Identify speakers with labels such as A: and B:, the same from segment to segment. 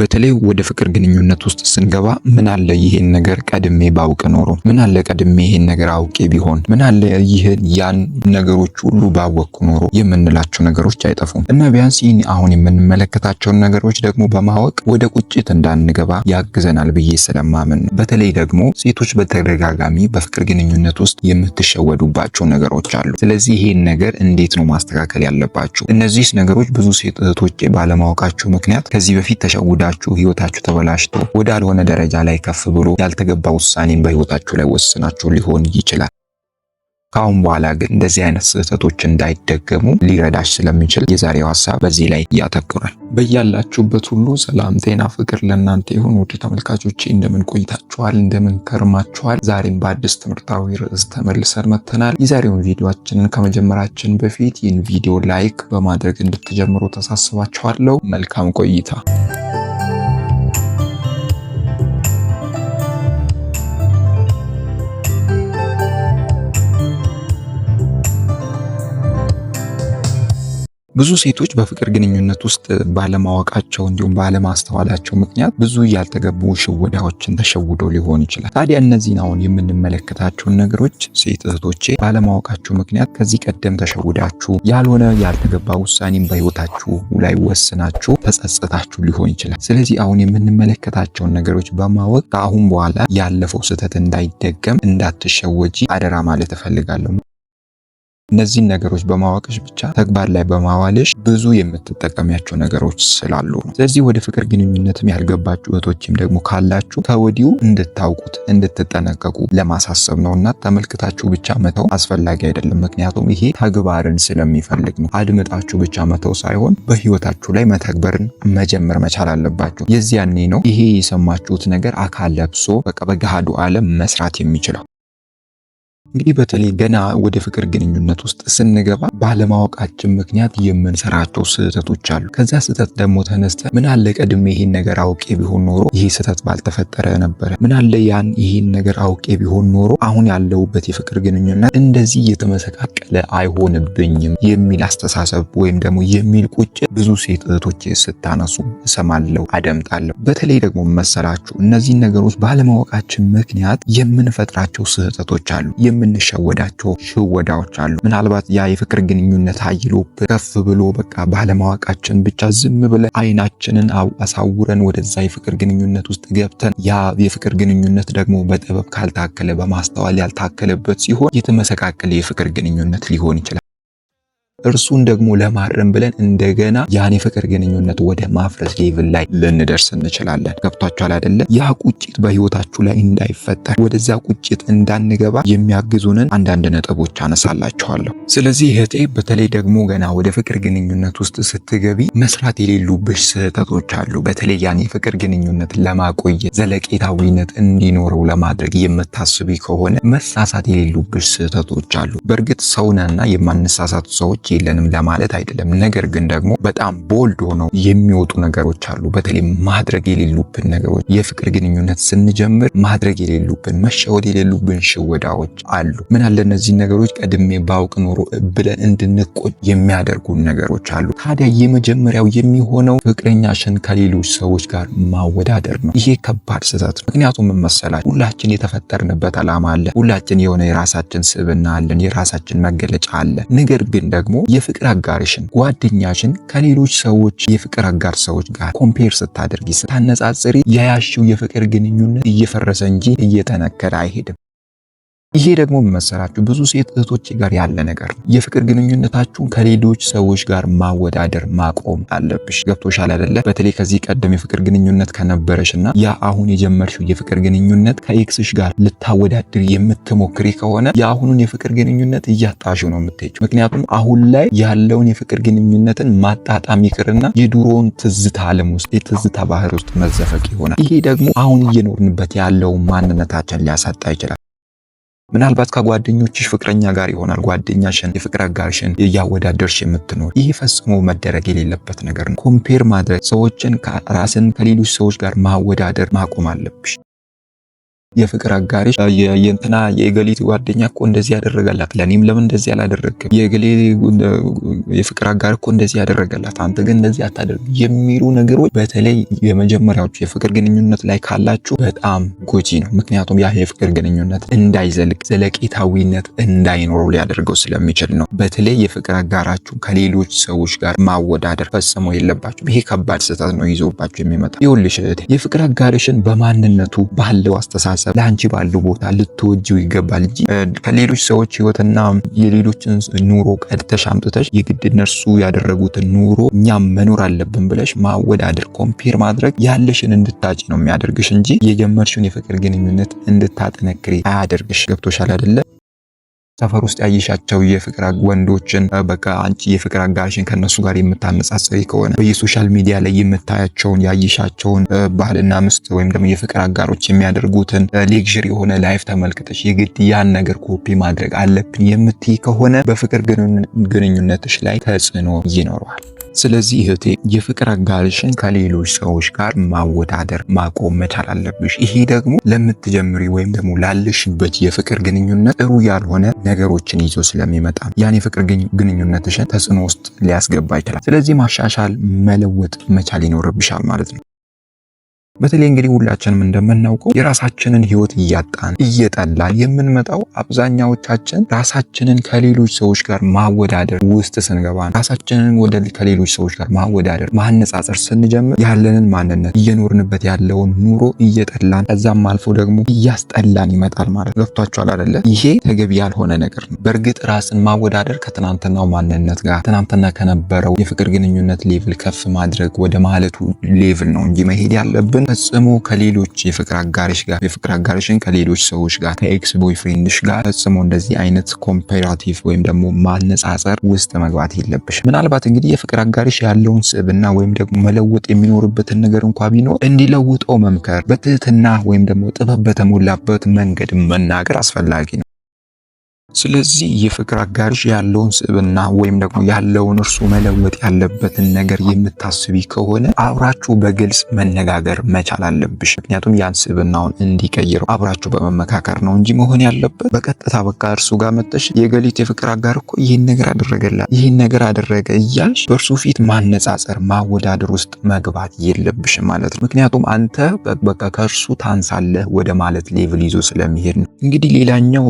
A: በተለይ ወደ ፍቅር ግንኙነት ውስጥ ስንገባ ምን አለ ይሄን ነገር ቀድሜ ባውቅ ኖሮ፣ ምን አለ ቀድሜ ይሄን ነገር አውቄ ቢሆን፣ ምን አለ ይህን ያን ነገሮች ሁሉ ባወቅኩ ኖሮ የምንላቸው ነገሮች አይጠፉም እና ቢያንስ ይህን አሁን የምንመለከታቸውን ነገሮች ደግሞ በማወቅ ወደ ቁጭት እንዳንገባ ያግዘናል ብዬ ስለማምን ነው። በተለይ ደግሞ ሴቶች በተደጋጋሚ በፍቅር ግንኙነት ውስጥ የምትሸወዱባቸው ነገሮች አሉ። ስለዚህ ይሄን ነገር እንዴት ነው ማስተካከል ያለባቸው እነዚህ ነገሮች ብዙ ሴት እህቶቼ ባለማወቃቸው ምክንያት ከዚህ በፊት ተሸውዳ አድርጋችሁ ህይወታችሁ ተበላሽቶ ወዳልሆነ ደረጃ ላይ ከፍ ብሎ ያልተገባ ውሳኔን በህይወታችሁ ላይ ወስናችሁ ሊሆን ይችላል። ከአሁን በኋላ ግን እንደዚህ አይነት ስህተቶች እንዳይደገሙ ሊረዳሽ ስለሚችል የዛሬው ሀሳብ በዚህ ላይ ያተኩራል። በያላችሁበት ሁሉ ሰላም፣ ጤና፣ ፍቅር ለእናንተ ይሁን። ውድ ተመልካቾች እንደምን ቆይታችኋል? እንደምን ከርማችኋል? ዛሬም በአዲስ ትምህርታዊ ርዕስ ተመልሰን መጥተናል። የዛሬውን ቪዲዮችንን ከመጀመራችን በፊት ይህን ቪዲዮ ላይክ በማድረግ እንድትጀምሩ ተሳስባችኋለሁ። መልካም ቆይታ ብዙ ሴቶች በፍቅር ግንኙነት ውስጥ ባለማወቃቸው እንዲሁም ባለማስተዋላቸው ምክንያት ብዙ ያልተገቡ ሽወዳዎችን ተሸውዶ ሊሆን ይችላል። ታዲያ እነዚህን አሁን የምንመለከታቸውን ነገሮች ሴት እህቶቼ ባለማወቃችሁ ምክንያት ከዚህ ቀደም ተሸውዳችሁ ያልሆነ ያልተገባ ውሳኔም በህይወታችሁ ላይ ወስናችሁ ተጸጽታችሁ ሊሆን ይችላል። ስለዚህ አሁን የምንመለከታቸውን ነገሮች በማወቅ ከአሁን በኋላ ያለፈው ስህተት እንዳይደገም እንዳትሸወጂ አደራ ማለት እፈልጋለሁ። እነዚህን ነገሮች በማወቅሽ ብቻ ተግባር ላይ በማዋልሽ ብዙ የምትጠቀሚያቸው ነገሮች ስላሉ ነው። ስለዚህ ወደ ፍቅር ግንኙነትም ያልገባችሁ እህቶችም ደግሞ ካላችሁ ከወዲሁ እንድታውቁት እንድትጠነቀቁ ለማሳሰብ ነው እና ተመልክታችሁ ብቻ መተው አስፈላጊ አይደለም። ምክንያቱም ይሄ ተግባርን ስለሚፈልግ ነው። አድምጣችሁ ብቻ መተው ሳይሆን በህይወታችሁ ላይ መተግበርን መጀመር መቻል አለባችሁ። የዚያኔ ነው ይሄ የሰማችሁት ነገር አካል ለብሶ በቃ በገሃዱ ዓለም መስራት የሚችለው። እንግዲህ በተለይ ገና ወደ ፍቅር ግንኙነት ውስጥ ስንገባ ባለማወቃችን ምክንያት የምንሰራቸው ስህተቶች አሉ። ከዚያ ስህተት ደግሞ ተነስተ ምን አለ ቀድሜ ይህን ነገር አውቄ ቢሆን ኖሮ ይሄ ስህተት ባልተፈጠረ ነበረ። ምን አለ ያን ይህን ነገር አውቄ ቢሆን ኖሮ አሁን ያለውበት የፍቅር ግንኙነት እንደዚህ የተመሰቃቀለ አይሆንብኝም የሚል አስተሳሰብ ወይም ደግሞ የሚል ቁጭ ብዙ ሴት እህቶች ስታነሱ እሰማለሁ፣ አደምጣለሁ። በተለይ ደግሞ መሰላችሁ እነዚህን ነገሮች ባለማወቃችን ምክንያት የምንፈጥራቸው ስህተቶች አሉ የምንሸወዳቸው ሽወዳዎች አሉ። ምናልባት ያ የፍቅር ግንኙነት አይሎ ከፍ ብሎ በቃ ባለማወቃችን ብቻ ዝም ብለን አይናችንን አሳውረን ወደዛ የፍቅር ግንኙነት ውስጥ ገብተን ያ የፍቅር ግንኙነት ደግሞ በጥበብ ካልታከለ በማስተዋል ያልታከለበት ሲሆን የተመሰቃቀለ የፍቅር ግንኙነት ሊሆን ይችላል። እርሱን ደግሞ ለማረም ብለን እንደገና ያን የፍቅር ግንኙነት ወደ ማፍረስ ሌቭል ላይ ልንደርስ እንችላለን። ገብቷችኋል አይደለ? ያ ቁጭት በህይወታችሁ ላይ እንዳይፈጠር ወደዛ ቁጭት እንዳንገባ የሚያግዙንን አንዳንድ ነጥቦች አነሳላችኋለሁ። ስለዚህ እህቴ፣ በተለይ ደግሞ ገና ወደ ፍቅር ግንኙነት ውስጥ ስትገቢ መስራት የሌሉብሽ ስህተቶች አሉ። በተለይ ያን የፍቅር ግንኙነት ለማቆየት ዘለቄታዊነት እንዲኖረው ለማድረግ የምታስቢ ከሆነ መሳሳት የሌሉብሽ ስህተቶች አሉ። በእርግጥ ሰውነና የማንሳሳት ሰዎች የለንም ለማለት አይደለም። ነገር ግን ደግሞ በጣም ቦልድ ሆነው የሚወጡ ነገሮች አሉ። በተለይ ማድረግ የሌሉብን ነገሮች፣ የፍቅር ግንኙነት ስንጀምር ማድረግ የሌሉብን መሸወድ የሌሉብን ሽወዳዎች አሉ። ምን አለ እነዚህ ነገሮች ቀድሜ ባውቅ ኖሮ ብለን እንድንቆጭ የሚያደርጉን ነገሮች አሉ። ታዲያ የመጀመሪያው የሚሆነው ፍቅረኛሽን ከሌሎች ሰዎች ጋር ማወዳደር ነው። ይሄ ከባድ ስህተት ነው። ምክንያቱም ምን ሁላችን የተፈጠርንበት ዓላማ አለ። ሁላችን የሆነ የራሳችን ስብና አለን፣ የራሳችን መገለጫ አለ። ነገር ግን ደግሞ የፍቅር አጋርሽን ጓደኛሽን ከሌሎች ሰዎች የፍቅር አጋር ሰዎች ጋር ኮምፔር ስታደርጊ ስታነጻጽሪ የያሽው የፍቅር ግንኙነት እየፈረሰ እንጂ እየጠነከረ አይሄድም። ይሄ ደግሞ መሰራችሁ ብዙ ሴት እህቶች ጋር ያለ ነገር ነው። የፍቅር ግንኙነታችሁን ከሌሎች ሰዎች ጋር ማወዳደር ማቆም አለብሽ። ገብቶሻል አይደለ? በተለይ ከዚህ ቀደም የፍቅር ግንኙነት ከነበረሽ እና ያ አሁን የጀመርሽው የፍቅር ግንኙነት ከኤክስሽ ጋር ልታወዳድር የምትሞክሪ ከሆነ የአሁኑን የፍቅር ግንኙነት እያጣሽው ነው የምትሄጂው። ምክንያቱም አሁን ላይ ያለውን የፍቅር ግንኙነትን ማጣጣም ይቅርና የድሮውን ትዝታ ዓለም ውስጥ የትዝታ ባህር ውስጥ መዘፈቅ ይሆናል። ይሄ ደግሞ አሁን እየኖርንበት ያለውን ማንነታችን ሊያሳጣ ይችላል። ምናልባት ከጓደኞችሽ ፍቅረኛ ጋር ይሆናል ጓደኛሽን የፍቅር አጋርሽን እያወዳደርሽ የምትኖር። ይህ ፈጽሞ መደረግ የሌለበት ነገር ነው። ኮምፔር ማድረግ ሰዎችን ራስን ከሌሎች ሰዎች ጋር ማወዳደር ማቆም አለብሽ። የፍቅር አጋሪሽ የእንትና የእገሊት ጓደኛ እኮ እንደዚህ ያደረገላት፣ ለኔም ለምን እንደዚህ አላደረግክም? የእገሌ የፍቅር አጋር እኮ እንደዚህ ያደረገላት፣ አንተ ግን እንደዚህ አታደርግ የሚሉ ነገሮች በተለይ የመጀመሪያዎቹ የፍቅር ግንኙነት ላይ ካላችሁ በጣም ጎጂ ነው። ምክንያቱም ያ የፍቅር ግንኙነት እንዳይዘልቅ ዘለቄታዊነት እንዳይኖሩ ሊያደርገው ስለሚችል ነው። በተለይ የፍቅር አጋራችሁ ከሌሎች ሰዎች ጋር ማወዳደር ፈጽሞ የለባችሁም። ይሄ ከባድ ስህተት ነው ይዞባችሁ የሚመጣ ይሁልሽ። የፍቅር አጋርሽን በማንነቱ ባለው አስተሳሰብ ማሰብ ለአንቺ ባለው ቦታ ልትወጂው ይገባል እንጂ ከሌሎች ሰዎች ህይወትና የሌሎችን ኑሮ ቀድተሽ አምጥተሽ የግድ እነርሱ ያደረጉትን ኑሮ እኛም መኖር አለብን ብለሽ ማወዳደር፣ ኮምፔር ማድረግ ያለሽን እንድታጭ ነው የሚያደርግሽ እንጂ የጀመርሽውን የፍቅር ግንኙነት እንድታጠነክሪ አያደርግሽ። ገብቶሻል አይደለ? ሰፈር ውስጥ ያየሻቸው የፍቅር ወንዶችን በቃ አንቺ የፍቅር አጋርሽን ከነሱ ጋር የምታነጻጽሪ ከሆነ በየሶሻል ሚዲያ ላይ የምታያቸውን ያየሻቸውን ባልና ሚስት ወይም ደግሞ የፍቅር አጋሮች የሚያደርጉትን ሌክዥር የሆነ ላይፍ ተመልክተሽ የግድ ያን ነገር ኮፒ ማድረግ አለብን የምትይ ከሆነ በፍቅር ግንኙነትሽ ላይ ተጽዕኖ ይኖረዋል። ስለዚህ እህቴ የፍቅር አጋርሽን ከሌሎች ሰዎች ጋር ማወዳደር ማቆም መቻል አለብሽ። ይሄ ደግሞ ለምትጀምሪ ወይም ደግሞ ላለሽበት የፍቅር ግንኙነት ጥሩ ያልሆነ ነገሮችን ይዞ ስለሚመጣ ያን የፍቅር ግንኙነትሽን ተጽዕኖ ውስጥ ሊያስገባ ይችላል። ስለዚህ ማሻሻል መለወጥ መቻል ይኖርብሻል ማለት ነው። በተለይ እንግዲህ ሁላችንም እንደምናውቀው የራሳችንን ህይወት እያጣን እየጠላን የምንመጣው አብዛኛዎቻችን ራሳችንን ከሌሎች ሰዎች ጋር ማወዳደር ውስጥ ስንገባ ነው። ራሳችንን ወደ ከሌሎች ሰዎች ጋር ማወዳደር ማነጻጸር ስንጀምር ያለንን ማንነት እየኖርንበት ያለውን ኑሮ እየጠላን ከዛም አልፎ ደግሞ እያስጠላን ይመጣል ማለት ገብቷችኋል አይደለ? ይሄ ተገቢ ያልሆነ ነገር ነው። በእርግጥ ራስን ማወዳደር ከትናንትናው ማንነት ጋር ትናንትና ከነበረው የፍቅር ግንኙነት ሌቭል ከፍ ማድረግ ወደ ማለቱ ሌቭል ነው እንጂ መሄድ ያለብን ፈጽሞ ከሌሎች የፍቅር አጋሪሽ ጋር የፍቅር አጋሪሽን ከሌሎች ሰዎች ጋር ከኤክስ ቦይፍሬንድሽ ጋር ፈጽሞ እንደዚህ አይነት ኮምፓራቲቭ ወይም ደግሞ ማነጻጸር ውስጥ መግባት የለብሽ። ምናልባት እንግዲህ የፍቅር አጋሪሽ ያለውን ስብና ወይም ደግሞ መለወጥ የሚኖርበትን ነገር እንኳ ቢኖር እንዲለውጠው መምከር፣ በትህትና ወይም ደግሞ ጥበብ በተሞላበት መንገድ መናገር አስፈላጊ ነው። ስለዚህ የፍቅር አጋርሽ ያለውን ስብና ወይም ደግሞ ያለውን እርሱ መለወጥ ያለበትን ነገር የምታስቢ ከሆነ አብራችሁ በግልጽ መነጋገር መቻል አለብሽ። ምክንያቱም ያን ስብናውን እንዲቀይር አብራችሁ በመመካከር ነው እንጂ መሆን ያለበት በቀጥታ በቃ እርሱ ጋር መጠሽ የገሊት የፍቅር አጋር እኮ ይህን ነገር አደረገላት፣ ይህን ነገር አደረገ እያልሽ በእርሱ ፊት ማነጻጸር፣ ማወዳደር ውስጥ መግባት የለብሽም ማለት ነው። ምክንያቱም አንተ በቃ ከእርሱ ታንሳለህ ወደ ማለት ሌቭል ይዞ ስለሚሄድ ነው። እንግዲህ ሌላኛው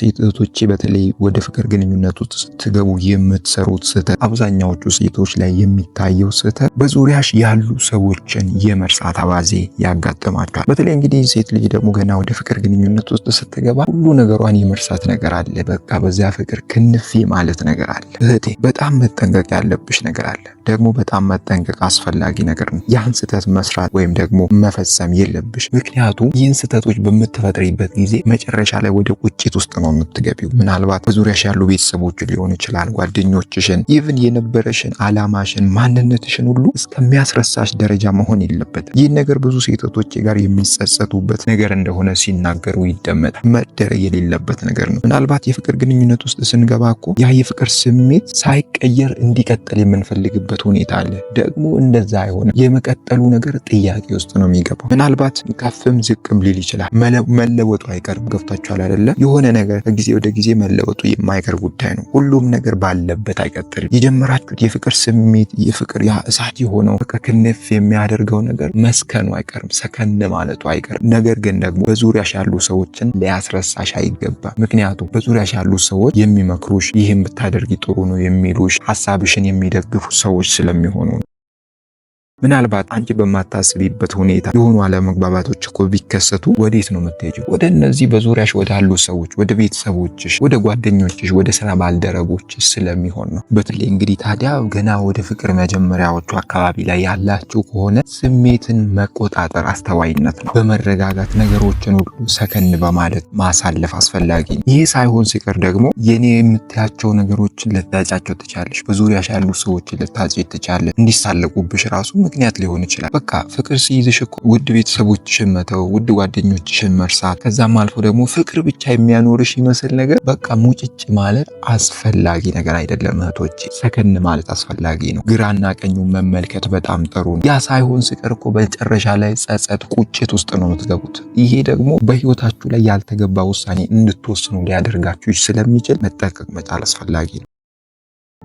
A: ሴት እህቶቼ በተለይ ወደ ፍቅር ግንኙነት ውስጥ ስትገቡ የምትሰሩት ስህተት፣ አብዛኛዎቹ ሴቶች ላይ የሚታየው ስህተት በዙሪያሽ ያሉ ሰዎችን የመርሳት አባዜ ያጋጥማቸዋል። በተለይ እንግዲህ ሴት ልጅ ደግሞ ገና ወደ ፍቅር ግንኙነት ውስጥ ስትገባ ሁሉ ነገሯን የመርሳት ነገር አለ። በቃ በዚያ ፍቅር ክንፌ ማለት ነገር አለ። እህቴ በጣም መጠንቀቅ ያለብሽ ነገር አለ። ደግሞ በጣም መጠንቀቅ አስፈላጊ ነገር ነው። ያን ስህተት መስራት ወይም ደግሞ መፈጸም የለብሽ። ምክንያቱም ይህን ስህተቶች በምትፈጥሪበት ጊዜ መጨረሻ ላይ ወደ ቁጭት ውስጥ ነው የምትገቢው። ምናልባት በዙሪያሽ ያሉ ቤተሰቦች ሊሆን ይችላል፣ ጓደኞችሽን፣ ኢቭን የነበረሽን አላማሽን፣ ማንነትሽን ሁሉ እስከሚያስረሳሽ ደረጃ መሆን የለበትም። ይህ ነገር ብዙ ሴቶቶች ጋር የሚጸጸቱበት ነገር እንደሆነ ሲናገሩ ይደመጣል። መደረግ የሌለበት ነገር ነው። ምናልባት የፍቅር ግንኙነት ውስጥ ስንገባ እኮ ያ የፍቅር ስሜት ሳይቀየር እንዲቀጥል የምንፈልግበት የሚሆንበት ሁኔታ አለ። ደግሞ እንደዛ አይሆንም። የመቀጠሉ ነገር ጥያቄ ውስጥ ነው የሚገባው። ምናልባት ከፍም ዝቅም ሊል ይችላል። መለወጡ አይቀርም። ገብታችኋል አይደለም የሆነ ነገር ከጊዜ ወደ ጊዜ መለወጡ የማይቀር ጉዳይ ነው። ሁሉም ነገር ባለበት አይቀጥልም። የጀመራችሁት የፍቅር ስሜት የፍቅር ያ እሳት የሆነው ከክንፍ የሚያደርገው ነገር መስከኑ አይቀርም፣ ሰከን ማለቱ አይቀርም። ነገር ግን ደግሞ በዙሪያሽ ያሉ ሰዎችን ሊያስረሳሽ አይገባም። ምክንያቱም በዙሪያሽ ያሉ ሰዎች የሚመክሩሽ፣ ይህም ብታደርጊ ጥሩ ነው የሚሉሽ፣ ሀሳብሽን የሚደግፉ ሰዎች C'est la mure en haut. ምናልባት አንቺ በማታስቢበት ሁኔታ የሆኑ አለመግባባቶች እኮ ቢከሰቱ ወዴት ነው የምትሄጂው? ወደ እነዚህ በዙሪያሽ ወዳሉ ሰዎች፣ ወደ ቤተሰቦችሽ፣ ወደ ጓደኞችሽ፣ ወደ ስራ ባልደረቦችሽ ስለሚሆን ነው። በተለይ እንግዲህ ታዲያ ገና ወደ ፍቅር መጀመሪያዎቹ አካባቢ ላይ ያላችሁ ከሆነ ስሜትን መቆጣጠር አስተዋይነት ነው። በመረጋጋት ነገሮችን ሁሉ ሰከን በማለት ማሳለፍ አስፈላጊ ነው። ይህ ሳይሆን ሲቀር ደግሞ የኔ የምትያቸው ነገሮችን ልታጫቸው ትቻለሽ። በዙሪያሽ ያሉ ሰዎችን ልታጭ ትቻለ እንዲሳለቁብሽ ራሱ ምክንያት ሊሆን ይችላል። በቃ ፍቅር ሲይዝሽ እኮ ውድ ቤተሰቦችሽን መተው፣ ውድ ጓደኞችሽን መርሳት፣ ከዛም አልፎ ደግሞ ፍቅር ብቻ የሚያኖርሽ ይመስል ነገር በቃ ሙጭጭ ማለት አስፈላጊ ነገር አይደለም። እህቶች ሰከን ማለት አስፈላጊ ነው። ግራና ቀኙን መመልከት በጣም ጥሩ ነው። ያ ሳይሆን ሲቀር እኮ በመጨረሻ ላይ ጸጸት፣ ቁጭት ውስጥ ነው የምትገቡት። ይሄ ደግሞ በህይወታችሁ ላይ ያልተገባ ውሳኔ እንድትወስኑ ሊያደርጋችሁ ስለሚችል መጠንቀቅ መጫል አስፈላጊ ነው።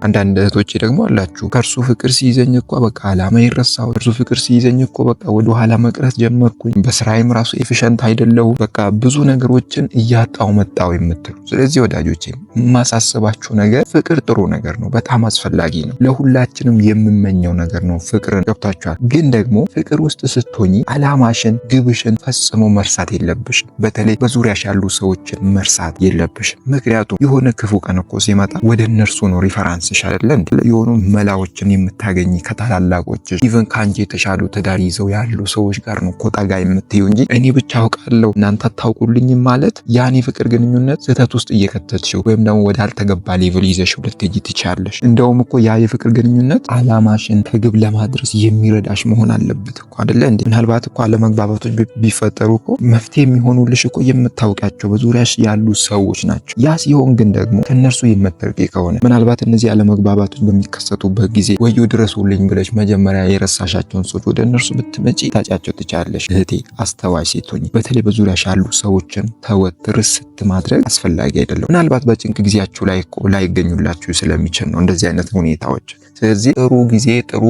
A: አንዳንድ እህቶቼ ደግሞ አላችሁ ከእርሱ ፍቅር ሲይዘኝ እኮ በቃ አላማ ይረሳው፣ እርሱ ፍቅር ሲይዘኝ እኮ በቃ ወደ ኋላ መቅረት ጀመርኩኝ፣ በስራይም ራሱ ኤፊሸንት አይደለሁ፣ በቃ ብዙ ነገሮችን እያጣው መጣው የምትሉ ስለዚህ ወዳጆቼ የማሳስባችሁ ነገር ፍቅር ጥሩ ነገር ነው፣ በጣም አስፈላጊ ነው፣ ለሁላችንም የምመኘው ነገር ነው። ፍቅርን ገብታችኋል። ግን ደግሞ ፍቅር ውስጥ ስትሆኝ አላማሽን፣ ግብሽን ፈጽሞ መርሳት የለብሽም። በተለይ በዙሪያሽ ያሉ ሰዎችን መርሳት የለብሽም። ምክንያቱም የሆነ ክፉ ቀን እኮ ሲመጣ ወደ እነርሱ ነው ሪፈራንስ የሚያንስሽ አይደለ እንዴ? የሆኑ መላዎችን የምታገኝ ከታላላቆች ኢቨን ከአንቺ የተሻሉ ትዳር ይዘው ያሉ ሰዎች ጋር ነው እኮ ጠጋ የምትዩ እንጂ እኔ ብቻ አውቃለሁ እናንተ አታውቁልኝም ማለት ያን የፍቅር ግንኙነት ስህተት ውስጥ እየከተትሽው ወይም ደግሞ ወደ አልተገባ ሌቭል ይዘሽው ልትሄጂ ትችያለሽ። እንደውም እኮ ያ የፍቅር ግንኙነት አላማሽን ከግብ ለማድረስ የሚረዳሽ መሆን አለበት እኮ አደለ እንዴ? ምናልባት እኮ አለመግባባቶች ቢፈጠሩ እኮ መፍትሄ የሚሆኑልሽ እኮ የምታውቂያቸው በዙሪያሽ ያሉ ሰዎች ናቸው። ያ ሲሆን ግን ደግሞ ከእነርሱ የምትርቂ ከሆነ ምናልባት እነዚህ አለመግባባቶች በሚከሰቱበት ጊዜ ወዩ ድረሱልኝ ብለሽ መጀመሪያ የረሳሻቸውን ሰዎች ወደ እነርሱ ብትመጪ ታጫቸው ትቻለሽ። እህቴ አስተዋይ ሴቶኝ በተለይ በዙሪያሽ ያሉ ሰዎችን ተወትር ስት ማድረግ አስፈላጊ አይደለም። ምናልባት በጭንቅ ጊዜያችሁ ላይ ላይገኙላችሁ ስለሚችል ነው እንደዚህ አይነት ሁኔታዎች ስለዚህ ጥሩ ጊዜ ጥሩ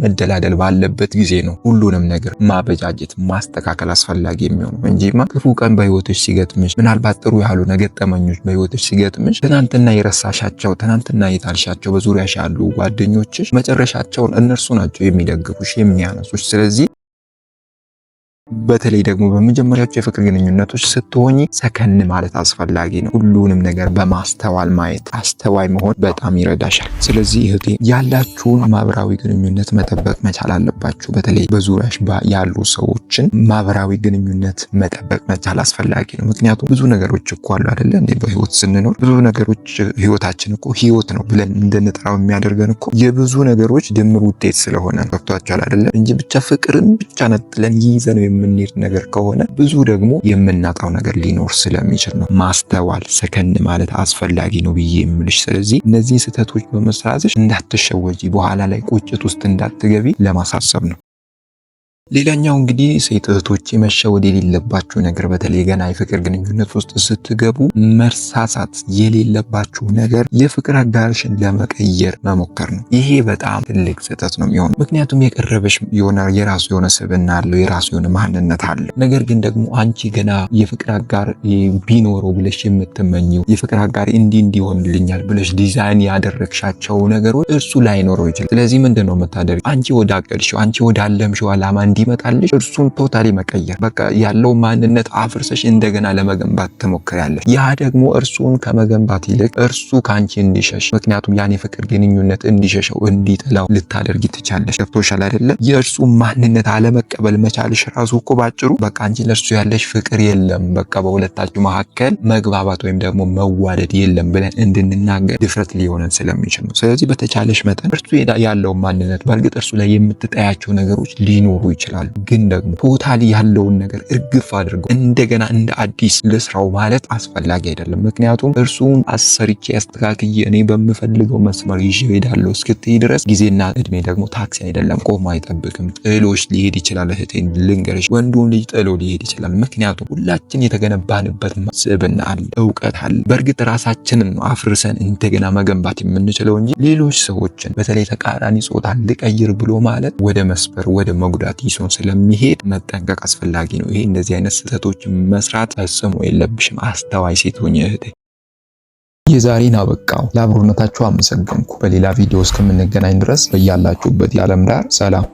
A: መደላደል ባለበት ጊዜ ነው ሁሉንም ነገር ማበጃጀት ማስተካከል አስፈላጊ የሚሆነው እንጂማ ክፉ ቀን በህይወቶች ሲገጥምሽ፣ ምናልባት ጥሩ ያሉ ገጠመኞች በህይወቶች ሲገጥምሽ፣ ትናንትና የረሳሻቸው ትናንትና የጣልሻቸው በዙሪያሽ ያሉ ጓደኞችሽ መጨረሻቸውን እነርሱ ናቸው የሚደግፉሽ የሚያነሱሽ። ስለዚህ በተለይ ደግሞ በመጀመሪያዎቹ የፍቅር ግንኙነቶች ስትሆኝ ሰከን ማለት አስፈላጊ ነው። ሁሉንም ነገር በማስተዋል ማየት፣ አስተዋይ መሆን በጣም ይረዳሻል። ስለዚህ እህቴ ያላችሁን ማህበራዊ ግንኙነት መጠበቅ መቻል አለባችሁ። በተለይ በዙሪያሽ ያሉ ሰዎችን ማህበራዊ ግንኙነት መጠበቅ መቻል አስፈላጊ ነው። ምክንያቱም ብዙ ነገሮች እኮ አሉ አይደለ? በህይወት ስንኖር ብዙ ነገሮች ህይወታችን እኮ ህይወት ነው ብለን እንድንጠራው የሚያደርገን እኮ የብዙ ነገሮች ድምር ውጤት ስለሆነ ገብቷቸዋል አይደለም? እንጂ ብቻ ፍቅርን ብቻ ነጥለን ይዘ ነው የምንሄድ ነገር ከሆነ ብዙ ደግሞ የምናጣው ነገር ሊኖር ስለሚችል ነው ማስተዋል ሰከን ማለት አስፈላጊ ነው ብዬ የምልሽ። ስለዚህ እነዚህን ስህተቶች በመስራትሽ እንዳትሸወጂ፣ በኋላ ላይ ቁጭት ውስጥ እንዳትገቢ ለማሳሰብ ነው። ሌላኛው እንግዲህ ሴት እህቶች መሸወድ የሌለባችሁ ነገር በተለይ ገና የፍቅር ግንኙነት ውስጥ ስትገቡ መርሳሳት የሌለባችሁ ነገር የፍቅር አጋርሽን ለመቀየር መሞከር ነው። ይሄ በጣም ትልቅ ስህተት ነው የሚሆነው። ምክንያቱም የቀረበሽ የሆነ የራሱ የሆነ ስብና አለው፣ የራሱ የሆነ ማንነት አለው። ነገር ግን ደግሞ አንቺ ገና የፍቅር አጋር ቢኖረው ብለሽ የምትመኘው የፍቅር አጋር እንዲህ እንዲሆንልኛል ብለሽ ዲዛይን ያደረግሻቸው ነገሮች እርሱ ላይኖረው ይችላል። ስለዚህ ምንድን ነው የምታደርጊው? አንቺ ወዳቀድሽው አንቺ ወዳለምሽው ዓላማ እንዲመጣልሽ እርሱን ቶታሊ መቀየር፣ በቃ ያለው ማንነት አፍርሰሽ እንደገና ለመገንባት ትሞክሪያለሽ። ያ ደግሞ እርሱን ከመገንባት ይልቅ እርሱ ከአንቺ እንዲሸሽ፣ ምክንያቱም ያን የፍቅር ግንኙነት እንዲሸሸው እንዲጥላው ልታደርጊ ትቻለሽ። ገብቶሻል አይደለም? የእርሱ ማንነት አለመቀበል መቻልሽ ራሱ እኮ ባጭሩ በቃ አንቺ ለእርሱ ያለሽ ፍቅር የለም፣ በቃ በሁለታችሁ መካከል መግባባት ወይም ደግሞ መዋደድ የለም ብለን እንድንናገር ድፍረት ሊሆነን ስለሚችል ነው። ስለዚህ በተቻለሽ መጠን እርሱ ያለው ማንነት፣ በእርግጥ እርሱ ላይ የምትጠያቸው ነገሮች ሊኖሩ ይችላል ይችላሉ። ግን ደግሞ ቶታሊ ያለውን ነገር እርግፍ አድርገው እንደገና እንደ አዲስ ልስራው ማለት አስፈላጊ አይደለም። ምክንያቱም እርሱን አሰርቼ አስተካክዬ እኔ በምፈልገው መስመር ይዤ ሄዳለሁ እስክትይ ድረስ ጊዜና እድሜ ደግሞ ታክሲ አይደለም፣ ቆሞ አይጠብቅም። ጥሎች ሊሄድ ይችላል። እህቴን ልንገርሽ፣ ወንዱን ልጅ ጥሎ ሊሄድ ይችላል። ምክንያቱም ሁላችን የተገነባንበት ስብዕና አለ፣ እውቀት አለ። በእርግጥ ራሳችንን አፍርሰን እንደገና መገንባት የምንችለው እንጂ ሌሎች ሰዎችን በተለይ ተቃራኒ ጾታ ልቀይር ብሎ ማለት ወደ መስበር ወደ መጉዳት ይሱ ጥሏቸውን ስለሚሄድ መጠንቀቅ አስፈላጊ ነው። ይሄ እንደዚህ አይነት ስህተቶች መስራት ፈጽሞ የለብሽም። አስተዋይ ሴት ሆኜ እህቴ የዛሬን አበቃው። ለአብሮነታችሁ አመሰገንኩ። በሌላ ቪዲዮ እስከምንገናኝ ድረስ በያላችሁበት የዓለም ዳር ሰላም